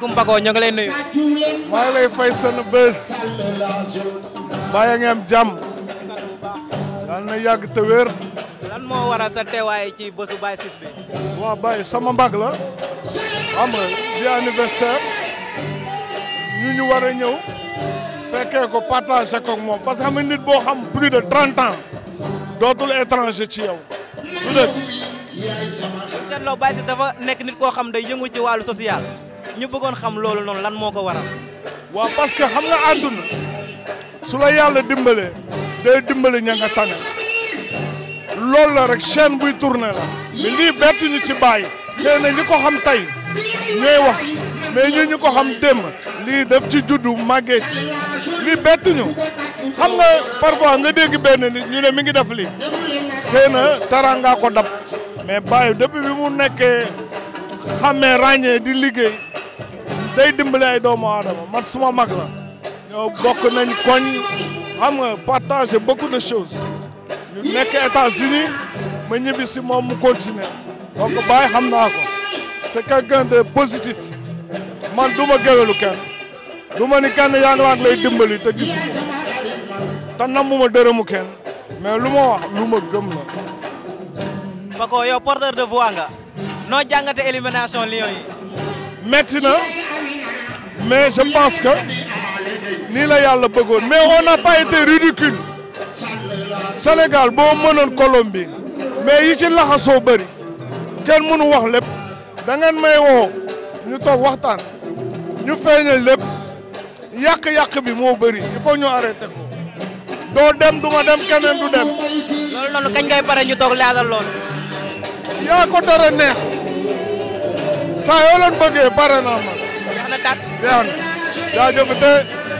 Kumba Koo ngi lay nuyu. maa ngi lay fay seen ngi am jàmm. yal na yàgg te wér. lan moo waral sa teewaay ci bésu Baye Ciss bi. waaw Baye sama mbag la. xam nga di anniversaire. ñu ñu war a ñëw. fekkee ko partagé ko moom parce que xam nga nit boo xam plus de trente ans. dootul étranger ci yow. su dee. seetloo Baye Ciss dafa nekk nit koo xam day yëngu ci wàllu social. ñu bëggoon xam lool noonu lan moo ko waral. waaw parce que xam nga àdduna su la yàlla dimbalee day dimbali ña nga tane loolu la rek chaîne buy tourné la mais lii ci bàyyi xëy na ñi ko xam tey ñooy wax mais ñu ñu ko xam démb lii daf ci juddu màggee ci lii bett ñu xam nga parfois nga dégg benn ñu ne mi ngi def lii xëy na tarangaa ko dab mais bàyyi depuis bi mu nekkee xamee ràññee di liggéey day dimbali ay doomu aadama man suma mag la ñoo bokk nañ koñ xam nga partager beaucoup de choses ñu nekk États-Unis ma ñibbi si moom mu continuer donc Baye xam naa ko c'est quelqu'un de positif man du ma géwélu kenn du ma ni kenn yaa lay dimbali te gisu te nammuma dërëmu kenn mais lu ma wax lu ma gëm la Paco yow porteur de voix nga noo jàngate élimination Lions yi metti na mais je pense que nii la yàlla bëggoon mais on n'a pas été ridicule Sénégal boo mënoon Colombie mais yi ci laxasoo bëri kenn mënu wax lépp da ngeen may woo ñu toog waxtaan ñu feeñal lépp yàq-yàq bi moo bëri il faut ñu ko doo dem duma dem keneen du dem. toog yaa ko dara neex saa yoo leen bëggee bare naa ma. tat. jeex na jaajëf te